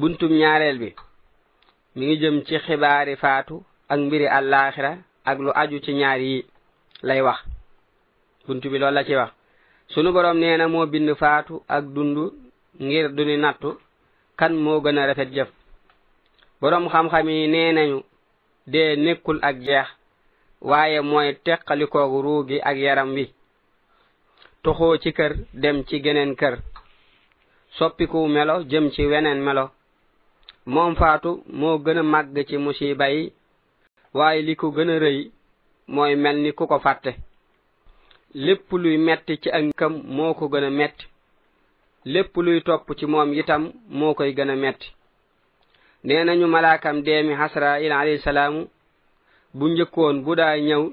buntum ñaareel bi mi ngi jëm ci xibaari faatu ak mbiri àllaaxira ak lu aju ci ñaar yi lay wax buntu bi loolu la ci wax sunu borom nee na moo bind faatu ak dund ngir duni nattu kan moo gën a rafet jëf borom xam-xam yi nee nañu dee nekkul ak jeex waaye mooy teqalikoog ruu gi ak yaram wi tuxoo ci kër dem ci geneen kër soppiku melo jëm ci weneen melo moom faatu moo gën a màgg ci musiba yi waaye li ko gën a rëy mooy mel ni ku ko fàtte lépp luy metti ci ak moo ko gën a metti lépp luy topp ci moom itam moo koy gën a metti nee nañu malaakam deemi hasrail alayhi bu njëkkoon bu daay ñëw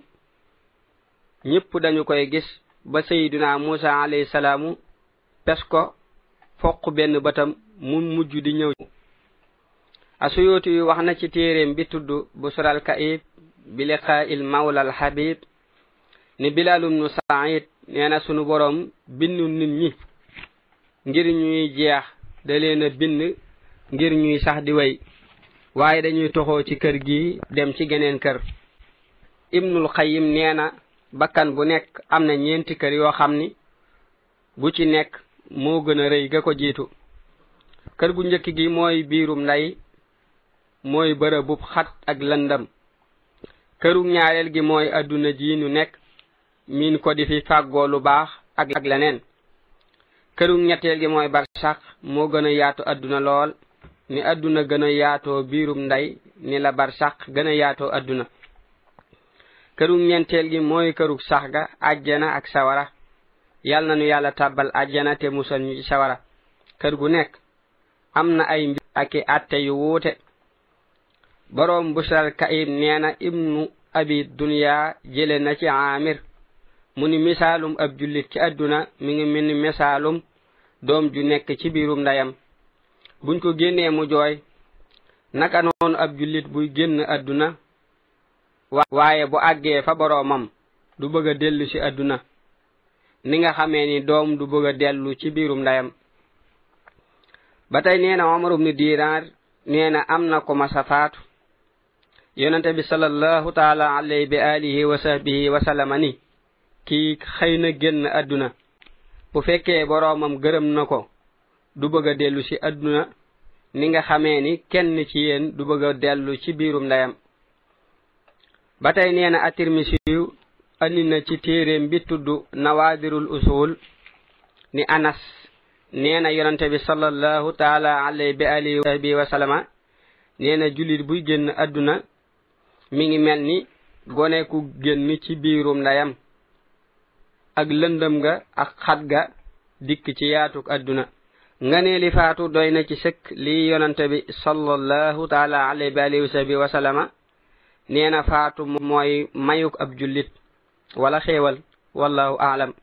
ñëpp dañu koy gis ba sayduna muusa alayhi salaamu pes ko foq benn bëtam mu mujj di ñëw asuyuti wax na ci téeréem bi tudd busral kaib bi liqaail mawla alxabib ni bilalum nu said nee na sunu borom bind nit ñi ngir ñuy jeex da leen a bind ngir ñuy sax di way waaye dañuy toxoo ci kër gi dem ci geneen kër ibnul xayim nee na bakkan bu nekk am na ñeenti kër yoo xam ni bu ci nekk moo gën a rëy ga ko jiitu kër gu njëkk gi mooy biirum ndey mooy bërëbub xat ak lëndam këru ñaareel gi mooy àdduna ji ñu nekk miin ko di fi fàggoo lu baax ak ak leneen këru ñetteel gi mooy barsax moo gën a yaatu àdduna lool ni àdduna gën a yaatoo biirum ndey ni la barsax gën a yaatoo àdduna këru ñenteel gi mooy këru saxga àjjana ak sawara yàl nanu yàlla tàbbal àjjana te musal ñu ci sawara kër gu nekk am na ay mbir ak atte yu wuute borom bushral kaim neena ibnu abi dunya jele na ci amir mu ni misaalum ab jullit ci àdduna mi ngi mel ni misaalum doom ju nekk ci biirum ndayam buñ ko génnee mu jooy naka noonu ab jullit buy génn àdduna waaye bu àggee fa boroomam du bëgg a dellu si àdduna ni nga xamee ni doom du bëgg a dellu ci biirum ndayam ba tey nee na omar ubni diinaar nee na am na ko ma sa faatu yonente bi sallallahu taala wa sahbihi wa ni kii xëy na génn àdduna bu fekkee boroomam gërëm na ko du bëgg a dellu ci àdduna ni nga xamee ni kenn ci yéen du bëgg a dellu ci biirum ndeyam ba tey nee na atirmisi ci téeréem bi tudd nawaadirul usul ni anas nee na bi sallallahu taala alayhi bi alihi wa jullit buy génn àdduna mi ngi mel ni gone ku génn ci biirum ndeyam ak lëndëm ga ak xat ga dikk ci yaatuk àdduna nga ne li faatu doy na ci sëkk li yonante bi sallallahu taala alayhi wa sallama nee na faatu mooy mayuk ab jullit wala xéewal wallahu aalam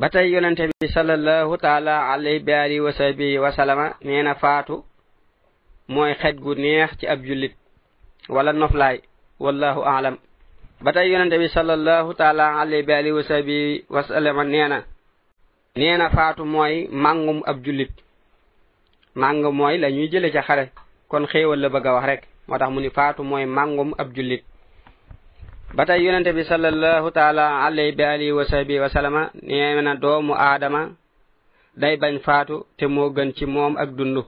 ba tey yonente bi sallallahu taala alayhi wa sahbihi wa sallama nee na faatu mooy xet gu neex ci ab jullit wala noflaay wallahu aalam ba tey yonente bi sal allahu taala alayhi bi alihi wasabi wasalama nee na nee na faatu mooy màngum ab jullit màng mooy la ñuy jële ca xare kon xéewal la bëgg a wax rek moo tax mu ni faatu mooy màngum ab jullit ba tey yonente bi sal allahu taala alayhi bi alihi wasabi wasalama nee na doomu aadama day bañ faatu te moo gën ci moom ak dund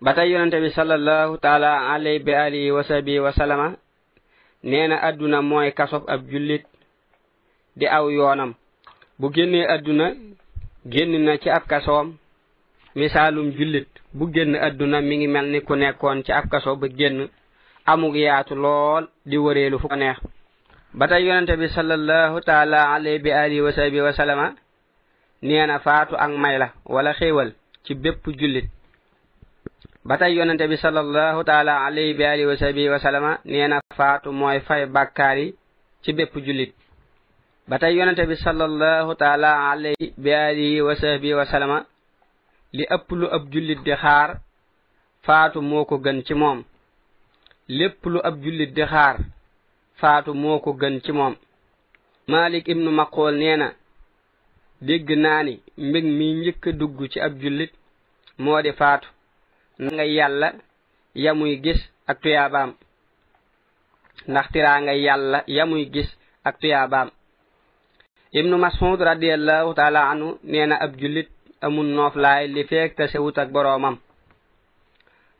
ba tey yonente bi sal allahu taala alayhi bi alihi wasabi wasalama nee na àdduna mooy kasob ab jullit di aw yoonam bu génnee àdduna génn na ci ab kasoom misaalum jullit bu génn àdduna mi ngi mel ni ku nekkoon ci ab kaso ba génn amug yaatu lool di wëreelu fu ko neex ba tey yonente bi sallallahu taala alayhi bi alihi wa nee na faatu ak may la wala xéewal ci bépp jullit ba tey yonente bi sallallahu taala bi alihi wa sahbihi wa sallama nee faatu mooy fay bàkkaar ci bépp jullit ba tey yonente bi sallallahu taala bi alihi wa sahbihi wa sallama li ëpp lu ab jullit di xaar faatu moo ko gën ci moom lépp lu ab jullit di xaar faatu moo ko gën ci moom malik ibnu maqool nee na dégg naa ni mbég mi njëkk dugg ci ab jullit moo di faatu nga yàlla yamuy gis ndax tiraa nga yàlla yamuy gis ak tuyaabaam ibnu mas'ud radiallahu taala anhu nee na ab jullit amul noof laay li feek te ak boroomam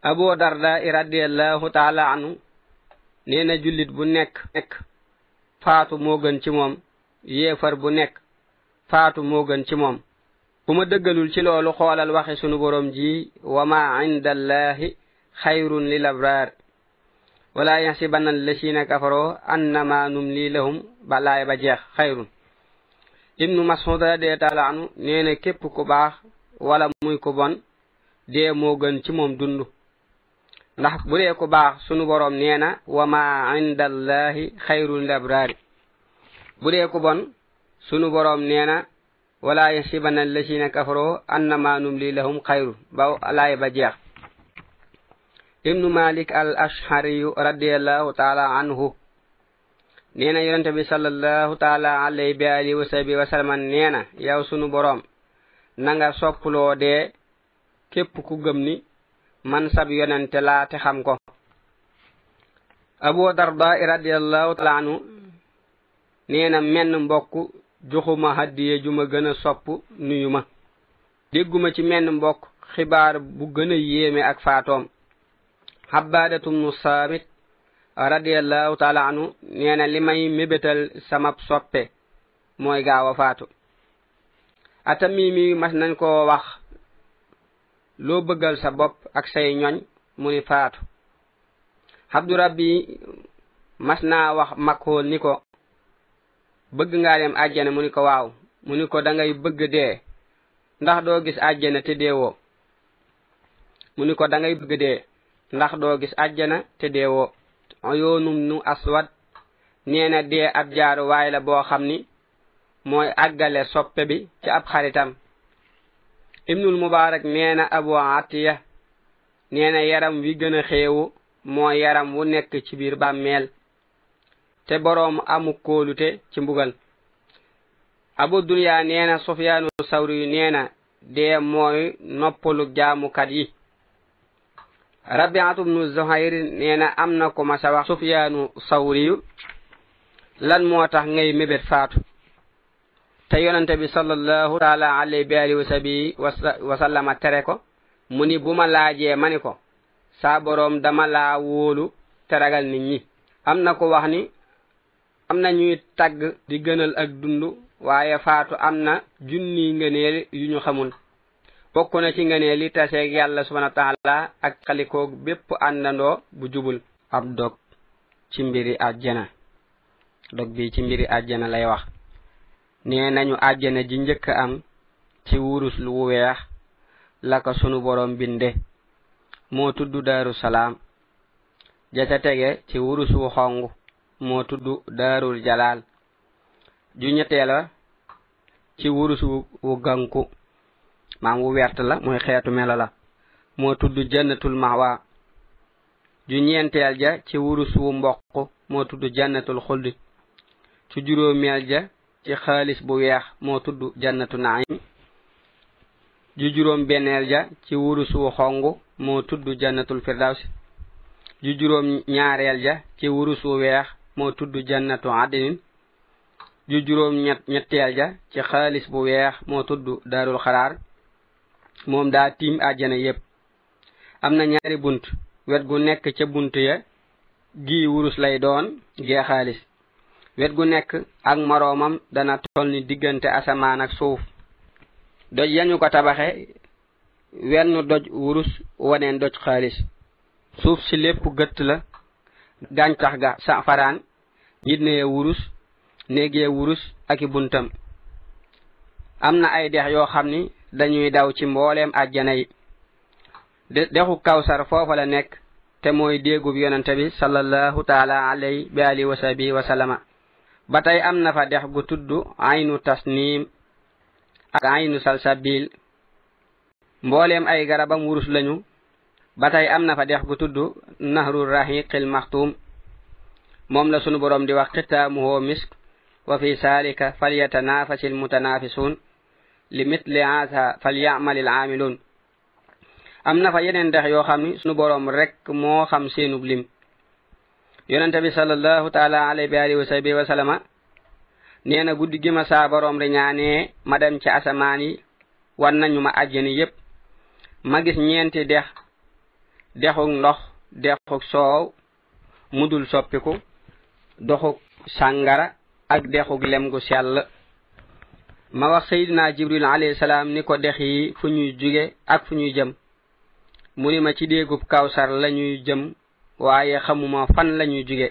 abu darda i radiallahu taala anhu nee jullit bu nekk faatu moo ci moom yéefar bu nekk faatu moo gën ci moom ku ma dëggalul ci loolu xoolal waxe sunu borom ji wa ma inda allahi xayrun lil abraar wala yaxsibanna allasiina kafaroo annama numli lahum ba ba jeex xayrun ibnu mas'ud radiyallahu anhu nee na képp ku baax wala muy ku bon dee moo gën ci moom dund ndax bu dee ku baax sunu borom nee na wa ma inda allahi xayrun lil abraar sunu borom nee wala yasibana allasina kafaru annama numli lahum xayru ba ala ba jeex Ibn malik al ashhariyu radiyallahu taala anhu neena na bi sallallahu taala alayhi bi alihi wa sahbihi wa sallam neena yaw sunu borom Nanga soplo de kep ku gemni ni man sab yonente la te xam ko abu darda radiyallahu taala anhu neena men menn mbokk joxuma haddiye ju ma gën a sopp nuyu ma dégguma ci menn mbokk xibaar bu gëna yéeme ak faatoom xabbaadatum nu saamit radiallahu taala anhu nee na li may mébétal samab soppe mooy gaaw a faatu atamimi mas nañ koo wax loo bëggal sa bopp ak say ñoñ mu ni faatu xabdu rabbi mas naa wax makkool ni ko bëgg ngaa dem àjjana mu ni ko waaw mu ni ko dangay bëgg dee ndax doo gis àjjana te deewoo mu ni ko dangay bëgg dee ndax doo gis àjjana te deewoo yoonum nu aswad nee na dee ab jaaru la boo xam ni mooy àggale soppe bi ci ab xaritam ibnul mubaarak nee na abu atiya nee na yaram wi gën a xéewu moo yaram wu nekk ci biir bàmmeel te borom amu koolute ci mbugal abu dunya neena sofiyaanu sawri neena dee mooy noppalu jaamukat yi rabiatu bnu zohair neena am na ko masa wax sofiyaanu sawri lan moo tax ngay mébét faatu te yonente bi salallahu taala alayh bi alihi wasabi wasallama tere ko mu ni bu ma laajee ma ni ko saa boroom dama laa wóolu teragal nit ñi am na ko wax ni am na ñuy tàgg di gënal ak dund waaye faatu am na junni ngëneel yu ñu xamul bokk na ci ngëneel yi taseeg yàlla subhanahu wa taala ak xalikoog bépp àndandoo bu jubul ab dog ci mbiri àjjana dog bi ci mbiri àjjana lay wax nee nañu àjjana ji njëkk am ci wurus lu weex la ko sunu boroom binde moo tudd daru salaam jata tege ci wurus wu xongu moo tudd daarul jalaal ju ñetteel ba ci wurus wu ganku maam wu wert la muy xeetu mela la moo tudd jannatul mawa ju ñeenteel ja ci wurus wu mboq moo tudd jannatul xuldi ci juróomeel ja ci xaalis bu weex moo tudd jannatu naayim ju juróom benneel ja ci wurus wu xongu moo tudd jannatul firdaws ju juróom ñaareel ja ci wurus wu weex moo tudd jannatu adnin ju juróom ñetteel ja ci xaalis bu weex moo tudd daarul xaraar moom daa tiim àjjana yépp am na ñaari bunt wet gu nekk ca bunt ya gii wurus lay doon gee xaalis wet gu nekk ak moroomam dana toll ni diggante asamaan ak suuf doj yañu ko tabaxe wenn doj wurus waneen doj xaalis suuf si lépp gëtt la gàncax ga safaraan yitnee wurus néegee wurus ak i buntam am na ay dex yoo xam ni dañuy daw ci mbooleem àjjana yi dexu kawsar foofa la nekk te mooy déegub yonente bi sallallahu taala alay bi ali wasabi wasalama ba tey am na fa dex gu tudd aynu tasniim ak aynu salsabil mbooleem ay garabam wurus lañu ba tey am na fa dex gu tudd nahru rahiqil maxtuum moom la sunu borom di wax xitaamuhoo misk wa fi saalika falyatanafasi almutanafisuun li mitli haasa falyamali alaamiluun am na fa yeneen dex yoo xam ni sunu borom rek moo xam seenub lim yonente bi salallahu taala alayhi wa alihi wa guddi gi ma saa borom ma dem ci asamaan yi war nañu ma àjjani yépp ma gis ñeenti dex dexuk ndox dexuk soow mudul soppiku doxug sàngara ak dexug lem gu sell ma wax sayyidina jibril alayhi salaam ni ko dex yi fu ñuy jóge ak fu ñuy jëm mu ni ma ci déegub kawsar lañuy jëm waaye xamuma fan lañuy jóge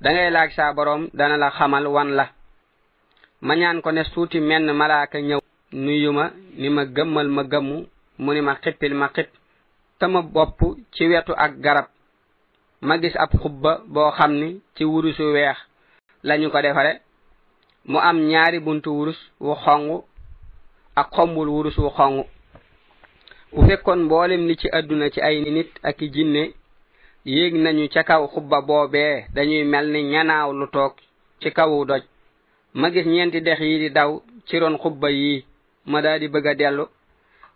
dangay laaj saa boroom dana la xamal wan la ma ñaan ko ne suuti menn malaaka ñëw nuyu ma ni ma gëmmal ma gëmmu mu ni ma xippil ma xipp sama bopp ci wetu ak garab ma gis ab xubba boo xam ni ci wurusu weex lañu ko defare mu am ñaari buntu wurus wu xong ak xombul wurus wu xonq bu fekkoon mboolem li ci àdduna ci ay nit ak i jinne yéeg nañu ca kaw xubba boobee dañuy mel ni ñanaaw lu toog ci kawu doj ma gis ñeenti dex yi di daw ci ron xubba yi ma daa di bëgg a dellu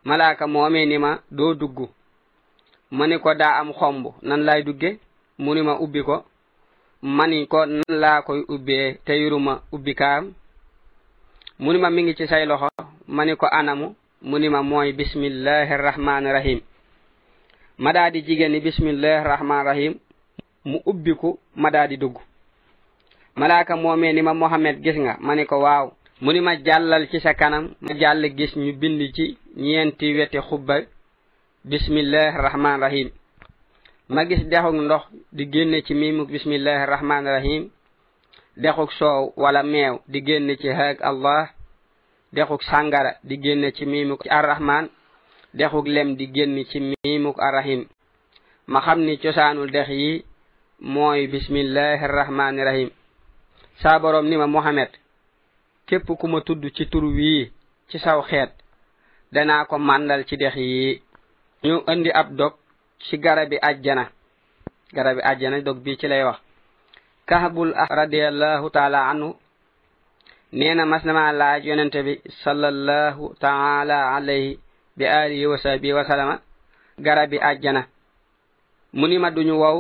malaaka moomee ni ma doo dugg ma ni ko daa am xomb nan laay dugge mu ni ma ubbi ko mani ko nan laa koy ubbee te yuruma ubbi kaam mu ni ma mi ngi ci say loxo mani ko anamu mu ni ma mooy bismillahi rahmani rahim ma daa di jigéen ni bismillahi rahmani rahim mu ubbi ko ma daa di dugg malaaka moomee ni ma mohammed gis nga ma ni ko waaw mu ni ma jàllal ci sa kanam ma jàll gis ñu bind ci ñeenti weti xubba bismillahi rahmani rahim ma gis dexug ndox di génne ci miimuk bismillahi rahmaani dexug soow walla meew di génne ci haag allah dexug sàngara di génne ci miimuk arrahman dexug lem di génn ci miimuk arrahim ma xam ni cosaanul dex yi mooy bismillahi rahmaani rahim saa boroom ni ma Mohamed képp ku ma tudd ci tur wii ci saw xeet danaa ko màndal ci dex yi ñu indi ab dog ci garabi aljana garabi aljana dog bi ci lay wax kahbul radiyallahu ta'ala anhu neena masnama laaj yonente bi sallallahu ta'ala alayhi bi alihi wa sahbihi wa sallama garabi aljana munima duñu waw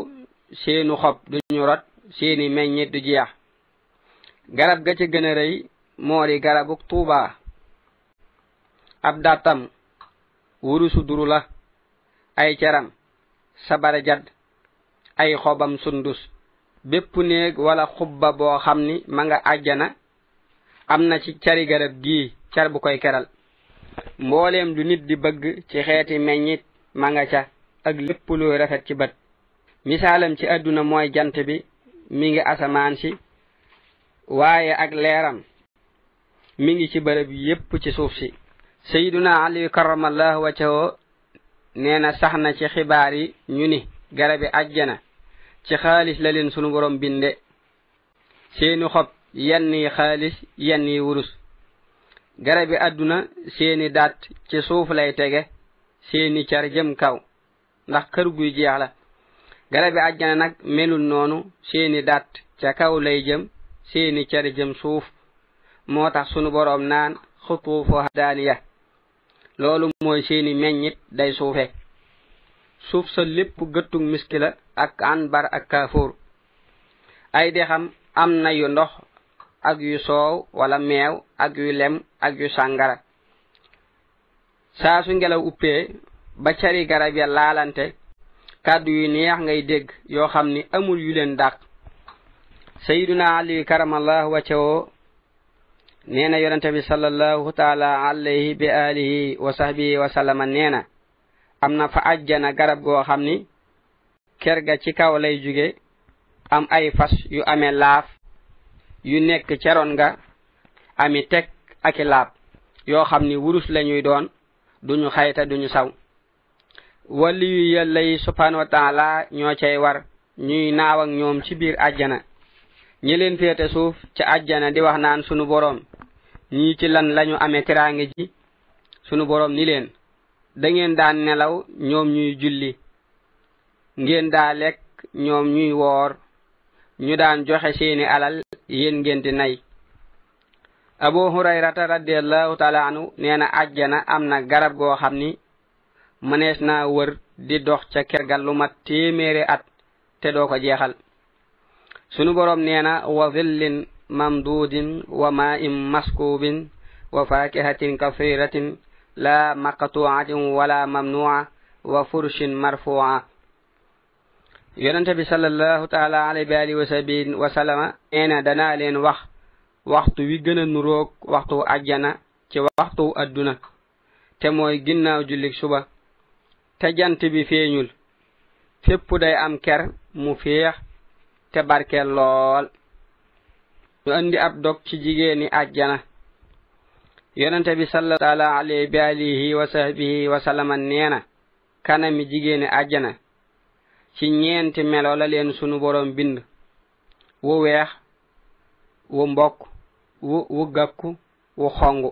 seenu xob duñu rot seeni meññe du jeex garab ga ci gëna reey moori garabu tuuba ab dàttam wurusu duru la ay caram sabara jadd ay xobam sundus bépp néeg wala xubba boo xam ni ma nga àjjana am na ci cari garab gii car bu koy keral mboolem lu nit di bëgg ci xeeti meññit ma nga ca ak lépp lu rafet ci bët misaalam ci àdduna mooy jant bi mi ngi asamaan ci waaye ak leeram mu ngi ci bërëb yépp ci suuf si sayyiduna ali karamallahu wajhahu nee na sax na ci xibaar yi ñu ni garabi ajjana ci xaalis la leen sunu borom binde seeni xob yenn yi xaalis yenn yi wurus garabi àdduna seeni daat ci suuf lay tege seeni car jëm kaw ndax kër guy jeex la garabi ajjana nag melul noonu seeni daat ca kaw lay jëm seeni car jëm suuf moo tax sunu boroom naan xutuufuhaa ya loolu mooy seeni meññit day suufe suuf sa lépp gëtu miski la ak anbar ak kaafoor ay dexam am na yu ndox ak yu soow wala meew ak yu lem ak yu sàngara saa su ngelaw uppee ba cari garab ya laalante kàddu yu neex ngay dégg yoo xam ni amul yu leen dàq sayyiduna ali karamallahu wacce woo nee na yonente bi sallallahu taala alayhi bi alihi wa sahbihi wa am na fa ajjana garab goo xam ni ker ga ci kaw lay jóge am ay fas yu amee laaf yu nekk ceroon nga ami teg aki yoo xam ni wurus lañuy doon duñu xayta duñu saw wali yu yàlla yi subhanahu ñoo cay war ñuy naaw ak ñoom ci biir ajjana ñi leen féete suuf ca ajjana di wax naan sunu boroom ñii ci lan lañu amee teraange ji sunu boroom ni leen dangeen daan nelaw ñoom ñuy julli ngeen daa lekk ñoom ñuy woor ñu daan joxe seeni alal yéen ngeen di nay abu hurayrata radiallahu taala anu nee na am na garab goo xam ni mënees naa wër di dox ca kergal lu mat téeméeri at te doo ko jeexal sunu boroom nee na ممدود وماء مسكوب وفاكهة كثيرة لا مقطوعة ولا ممنوعة وفرش مرفوعة yonente bi sallallahu taala alayhi wa alihi wa sahbihi wa sallama nee na danaa leen wax waxtu wi gën a nuroog waxtu ajjana ci waxtu adduna te mooy ginnaaw jullik suba te jant bi feeñul fépp day am ker mu féex te barkeel lool ñu andi ab dog ci jigéeni àjjana yonente bi sallallahu alayhi bi alihi wa sahbihi wa kanami jigéeni àjjana ci ñeenti melo la leen sunu boroom bind wu weex wu mbokk wu wu gàkku wu xongu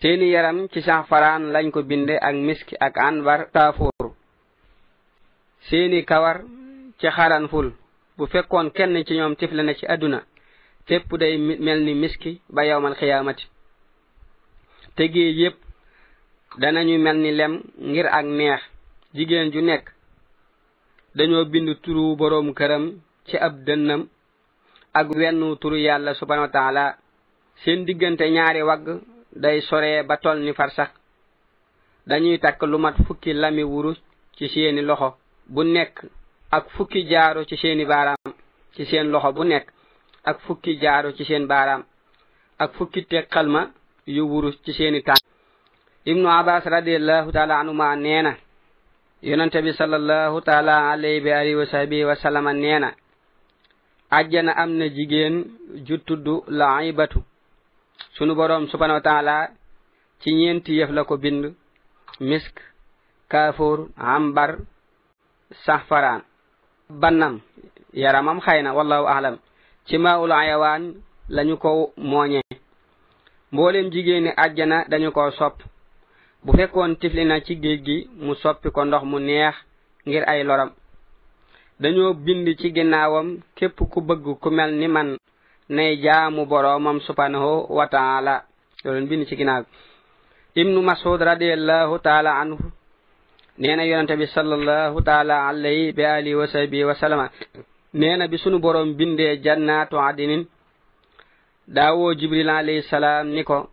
seeni yaram ci safaraan lañ ko bind ak miski ak anbar taafoor seeni kawar ci xaranful bu fekkoon kenn ci ñoom tifle na ci àdduna fépp day mel ni miski ba yowmal xiyaamati te géej yépp danañu mel ni lem ngir ak neex jigéen ju nekk dañoo bind turu boroom këram ci ab dënnam ak wenn turu yàlla subhanahu seen diggante ñaari wagg day sore ba toll ni farsax dañuy takk lu mat fukki lami wurus ci seeni loxo bu nekk ak fukki jaaro ci seeni baaraam ci seen loxo bu nekk ak fukki jaaro ci seen baaraam ak fukki teqal yu wurus ci seeni tànk ibnu abbas radiallahu taala anhuma nee na yonente bi salallahu taala bi alihi wa sahbihi wa sallama ajjana am na jigéen ju tudd laibatu sunu boroom subhanahu wa ci ñeenti yëf la ko bind misk kaafoor ambar saxfaraan bannam yaramam xëy na wallahu aalam ci maul ayawan lañu ko moñe mbolem jigeni aljana dañu ko sop bu fekkon tiflina ci geej gi mu soppi ko ndox mu neex ngir ay loram dañoo bind ci ginnaawam képp ku bëgg ku mel ni man nay jaamu boromam subhanahu wa ta'ala loolu bind ci ginnaaw ibnu masud radiyallahu ta'ala anhu neena yonante bi sallallahu ta'ala alayhi bi alihi wa sahbihi wa salama nee na bi sunu borom bindee jannaatu adinin daa woo jibril alayhi salaam ni ko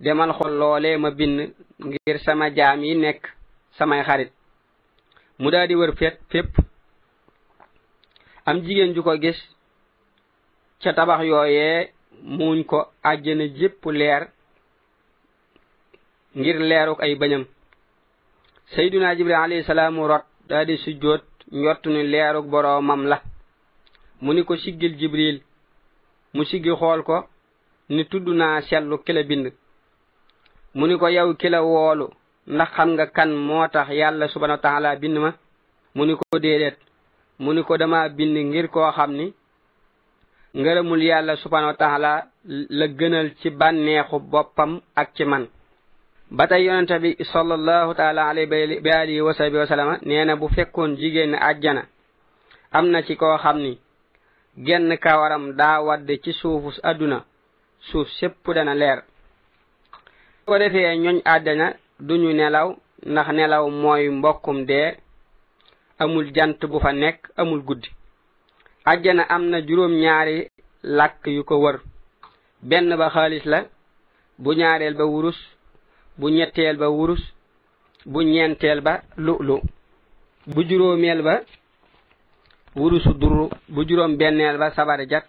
demal xol loolee ma bind ngir sama jaam yi nekk samay xarit mu daal di wër fépp am jigéen ju ko gis ca tabax yooyee muuñ ko àjjana jëpp leer ngir leeruk ay bañam sayduna jibril alayhi salaamu rot daal di sujjóot njort ni leeruk boromam la mu ni ko siggil jibril mu siggi xool ko ni tudd naa sellu kila bind mu ni ko yow kila woolu ndax xam nga kan moo tax yàlla subhanahu wa taala bind ma mu ni ko déedéet mu ni ko dama bind ngir koo xam ni ngërëmul yàlla subhanahu wa taala la gënal ci bànneexu boppam ak ci man ba tey yonente bi sallallahu taala alayhi bi alihi wa nee na bu fekkoon jigéen àjjana am na ci koo xam ni genn kawaram daa wadde ci suufu àdduna suuf sépp dana leer ko defee ñooñ àddana duñu nelaw ndax nelaw mooy mbokkum dee amul jant bu fa nekk amul guddi àjjana am na juróom-ñaari làkk yu ko wër benn ba xaalis la bu ñaareel ba wurus bu ñetteel ba wurus bu ñeenteel ba lu'lu bu juróomeel ba wurusu duru bu juróom benneel ba sabar jat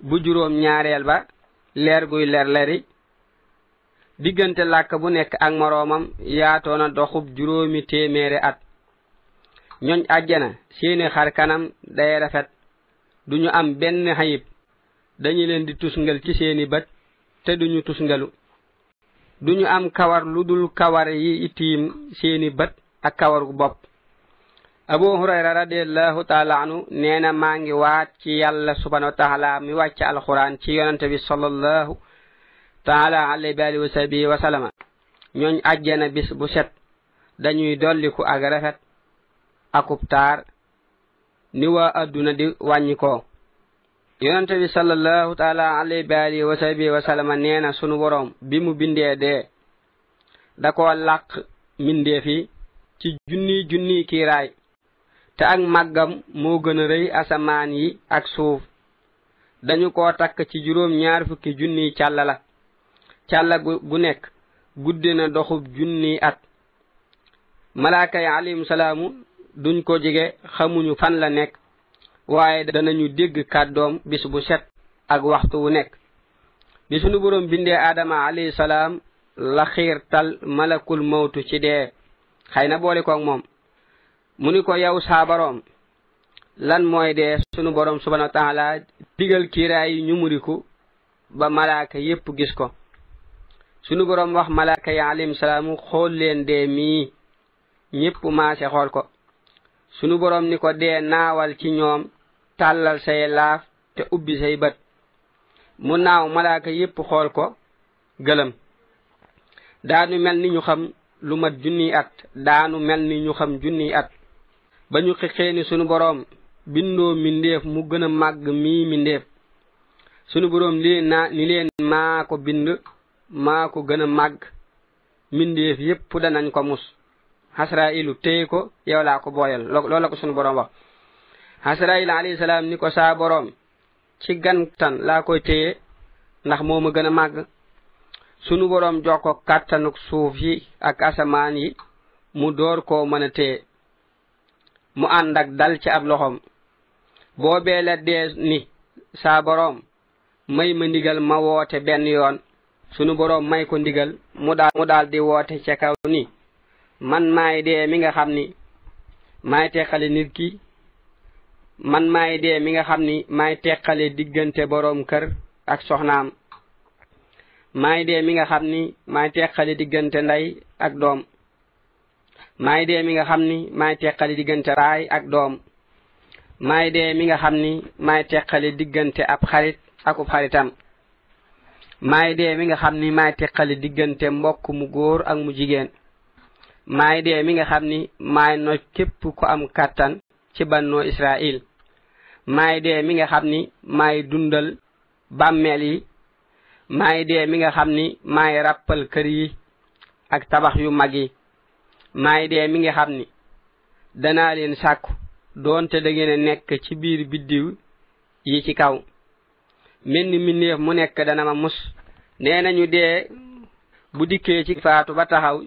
bu juróom ñaareel ba leer guy lerleri diggante làkk bu nekk ak moroomam yaatoona doxub juróomi téeméeri at ñooñ àjjana seeni xar kanam day rafet duñu am benn xayib dañu leen di tusngal ci seeni bët te duñu tusngalu duñu am kawar lu dul kawar yi itiim seeni bët ak kawaru bopp abu hurayra radiallahu taala anhu nee maa ngi waat ci yàlla subhanahu wa mi wàcc alxuraan ci yonante bi sallallahu taala alayhi bi alihi wa ñooñ àjjana bis bu set dañuy dolliku ak rafet akub taar ni waa adduna di wàññikoo yonente bi sallallahu taala bi sunu boroom bi mu bindee dee da ko làq mbindeef yi ci junni junni kiiraay te ak màggam moo gën a rëy asamaan yi ak suuf dañu ko takk ci juróom ñaar fukki junniy càlla la càlla gu nekk guddi na doxub junniy at malaaka yi alayhim duñ ko jege xamuñu fan la nekk waaye danañu dégg kàddoom bis bu set ak waxtu wu nekk bi sunu boroom bindee aadama alayhi salaam la malakul mawtu ci dee xëy na boole koog moom mu ni ko yow saa lan mooy dee sunu boroom subhanahu wa taala digal kiiraay yi ñu muriku ba malaaka yépp gis ko sunu boroom wax malaaka yi alayhim salaamu xool leen dee mii ñépp maase xool ko sunu boroom ni ko dee naawal ci ñoom tàllal say laaf te ubbi say bët mu naaw malaaka yépp xool ko gëlëm daanu mel ni ñu xam lu mat junniy at daanu mel ni ñu xam junniy at ba ñu xixee ni sunu boroom bindoo mbindéef mu gën a màgg mii mbindéef sunu boroom lii naa ni leen maa ko bind maa ko gën a màgg mbindéef yépp danañ ko mus xasra ilu téye ko yow laa ko booyal loolu la ko sunu boroom wax asraayil alayhi salaam ni ko saa ci gantan laa koy téye ndax moo ma gën a màgg sunu boroom jox ko kàttanu suuf yi ak asamaan yi mu door koo mën a téye mu ànd ak dal ci ab loxoom boobee la dee ni saa may ma ndigal ma woote benn yoon sunu boroom may ko ndigal mu daal woote ca kaw ni man maay dee mi nga xam ni maay teqale nit ki man maay dee mi nga xam ni maay teqale diggante boroom kër ak soxnaam maay dee mi nga xam ni maay teqale diggante ndey ak doom maay dee mi nga xam ni maay teqale diggante raay ak doom maay dee mi nga xam ni maay teqale diggante ab xarit ak ub xaritam maay dee mi nga xam ni maay teqale diggante mbokk mu góor ak mu jigéen maay dee mi nga xam ni maay noj képp ko am kàttan ci bannoo Israil maay dee mi nga xam ni maay dundal bàmmeel yi maay dee mi nga xam ni maay ràppal kër yi ak tabax yu mag yi maay dee mi nga xam ni danaa leen sàkku doonte da ngeen nekk ci biir biddiw yi ci kaw mel ni mbindeef mu nekk dana ma mus nee nañu dee bu dikkee ci faatu ba taxaw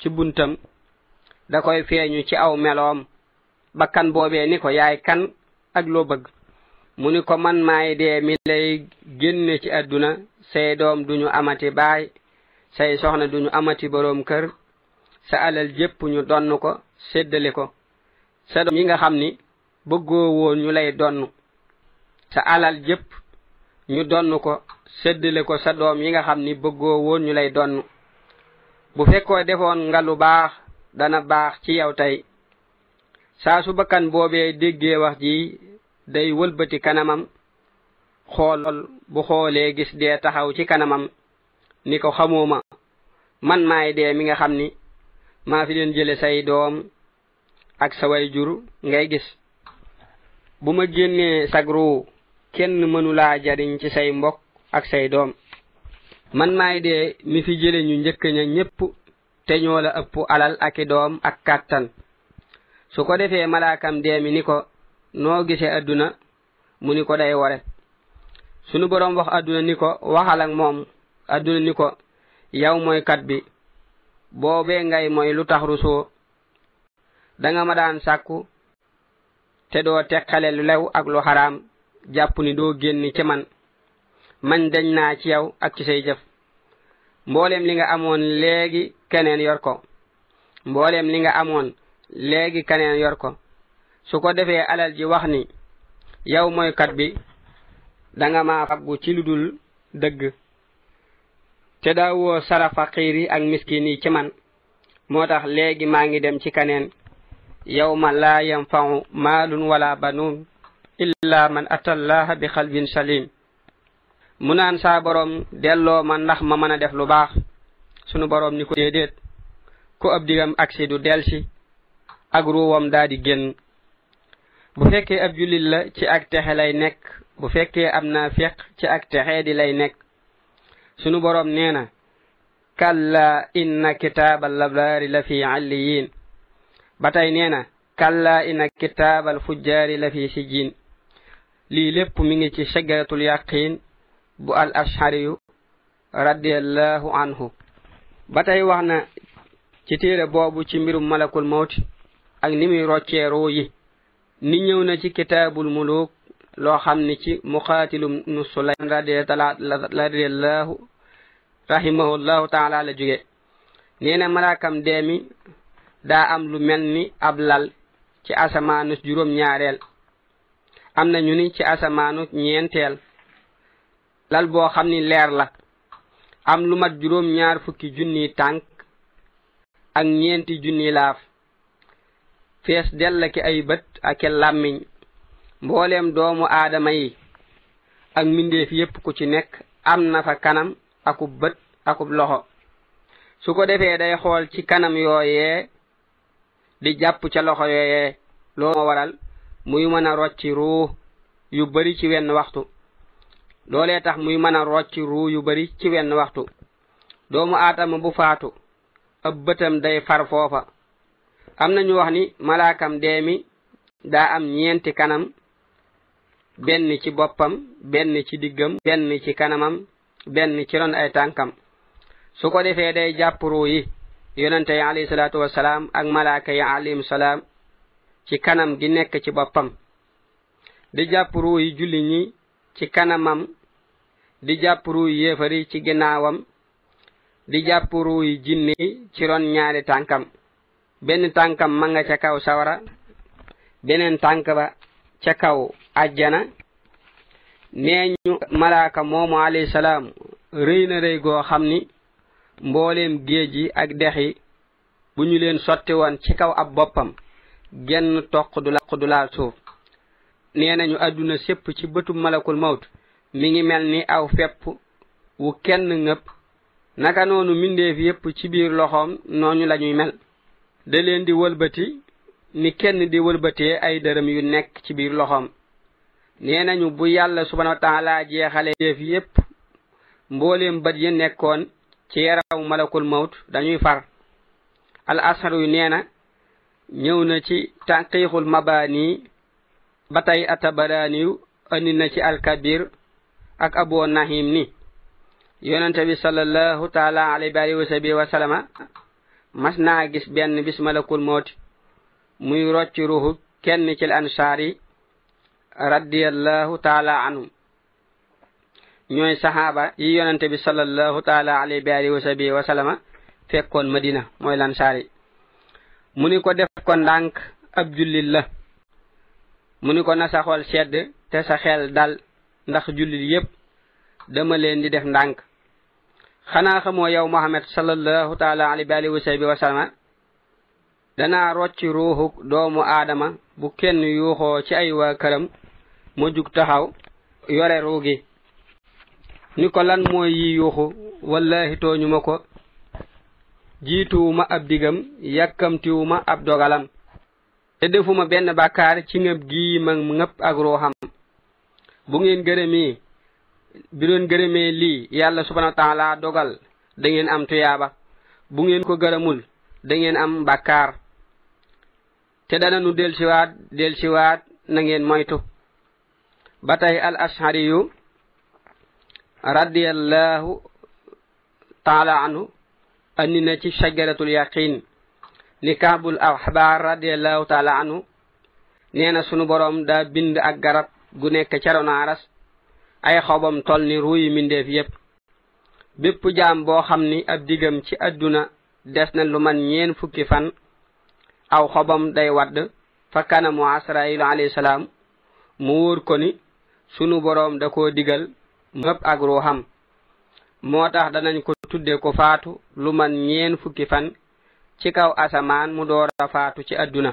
ci buntam da koy feeñu ci aw meloom bakkan boobee ni ko yaay kan ak loo bëgg mu ni ko man maay dee mi lay génne ci àdduna say doom duñu amati baay say soxna duñu amati boroom kër sa alal jëpp ñu donn ko séddale ko sa doom yi nga xam ni bëggoo woon ñu lay donn sa alal jëpp ñu donn ko séddale ko sa doom yi nga xam ni bëggoo woon ñu lay donn bu fekkoo defoon nga lu baax dana baax ci yow tey saa su bakkan boobee déggee wax ji day wëlbati kanamam xool bu xoolee gis dee taxaw ci kanamam ni ko xamooma man maay dee mi nga xam ni maa fi leen jële say doom ak sa way jur ngay gis bu ma génnee sagru kenn mënula jariñ ci say mbokk ak say doom man maay dee mi fi jële ñu njëkk ña ñépp te ñoo la ëpp alal aki doom ak kàttan su ko defee malaakam deemi ni ko noo gisee adduna mu ni ko day wore sunu borom wax adduna ni ko waxal ak moom adduna ni ko yow mooy kat bi boobee ngay mooy lu tax rusoo da nga ma daan sàkku te doo tekkale lu lew ak lu xaraam jàpp ni doo génn ci man mañ dañ naa ci yow ak ci say jëf mboolem li nga amoon léegi keneen yor ko mboolem li nga amoon léegi kaneen yor ko su ko defee alal ji wax ni yow mooykat bi danga ma faggu ci lu dul dëgg te daawoo sarafa xiir yi ak miskin yi ci man moo tax léegi maa ngi dem ci kaneen yow ma laa yanfau maalun wala banuun illa man atallaha bi xalbin salim mu naan saa boroom delloo ma ndax ma mën a def lu baax sunu boroom ni ko déedéet ku ab digam agsi du delsi ak ruuwam daa di génn bu fekkee ab jullit la ci ak texe lay nekk bu fekkee am naa feq ci ak texee di lay nekk sunu boroom nee na kalla inna kitaabal labraari la fi alliyin ba tey nee na kalla inna kitaabal lii lépp mi ngi ci shajaratul yaqiin bu al ashariyu radiallahu anhu ba tey wax ci téere boobu ci mbirum malakul mawti ak ni yi ni ñëw na ci loo xam ni ci muqaatilum nu sulayman radiallahu daa am lu mel ni ab lal ci asamaanu juróom am na ñu ni ci asamaanu ñeenteel lal boo xam ni leer la am lu mat juróom ñaar fukki junniy tànk ak ñeenti junniy laaf fees dell ki ay bët ak làmmiñ mbooleem doomu aadama yi ak mbindeef yépp ku ci nekk am na fa kanam akub bët akub loxo su ko defee day xool ci kanam yooyee di jàpp ca loxo yooyee loo ma waral muy mën a rocci ruu yu bari ci wenn waxtu loolee tax muy mën a rocci ruu yu bari ci wenn waxtu doomu aadama bu faatu ab bëtam day far foofa am nañu wax ni malaakam dee mi daa am ñeenti kanam benn ci boppam benn ci diggam benn ci kanamam benn ci ron ay tànkam su ko defee day jàpp yi yonente yi alayhi ak malaaka salaam ci kanam gi nekk ci boppam di jàpp ruu yi julli ñi ci kanamam di jàpp ruu yi yéefari ci ginnaawam di jàpp yi jinni ci ron ñaari tànkam benn tànkam ma nga ca kaw sawara beneen tànk ba ca kaw ajjana nee ñu malaaka moomu alayhi salaam rëy na rëy goo xam ni mbooleem géej gi ak dex yi bu ñu leen sotti woon ci kaw ab boppam genn toq du laq du laal suuf nee nañu àdduna sépp ci bëtu malakul mawt mi ngi mel ni aw fepp wu kenn ngëpp naka noonu mbindeef yépp ci biir loxoom nooñu lañuy mel da leen di wëlbati ni kenn di wëlbatee ay dërëm yu nekk ci biir loxoom nee nañu bu yàlla subhanahu wa taala jeexale def yépp mbooleem bët yi nekkoon ci yaramu malakul mawt dañuy far al asar yu nee na ñëw na ci tànqiixul mabaani ba tey atabaraaniyu andi na ci alkabir ak abu ni yonente bi sallallahu taala alayhi wa sallama mas naa gis benn bis malakul muy rocc ruuxu kenn ci ansaar yi radiyallahu taala ñooy saxaaba yi yonente bi sallallahu taala alayhi bi alihi wa sabi fekkoon madina mooy lansaar yi mu ni ko def ko ndànk ab jullit la mu ni ko na sedd te sa xel dal ndax jullit yépp dama leen di def ndànk xanaa xamoo yow Muhammad sallallahu taala alayhi wa alihi wa sahbihi wa danaa rocci ruuxu doomu aadama bu kenn yuuxoo ci ay waa këram mu jug taxaw yore gi ni ko lan mooy yi yuuxu wallahi tooñu ko jiituwuma ab digam yàkkamtiwuma ab dogalam te defuma benn bàkkaar ci ngëb gii ma ngëp ak ruuxam bu ngeen gërëmee bi doon gërëmee lii yàlla subhana wa taala dogal da am tuyaaba bu ngeen ko gërëmul da am bàkkaar te dana nu delsiwaat delsiwaat na ngeen moytu ba tey al ashariyu radiallahu taala anhu ci shajaratul yaqin ni kaabul ahbaar radiallahu taala anhu nee sunu boroom daa bind ak garab gu nekk ca ay xobam toll ni ruuyi mbindeef yépp bépp jaam boo xam ni ab diggam ci àdduna des na lu man ñeen fukki fan aw xobam day wadd fa kanamu asrailu salaam mu wóor ko ni sunu boroom da ko digal mëpp ak ruuxam moo tax danañ ko tudde ko faatu lu man ñeent fukki fan ci kaw asamaan mu door a faatu ci àdduna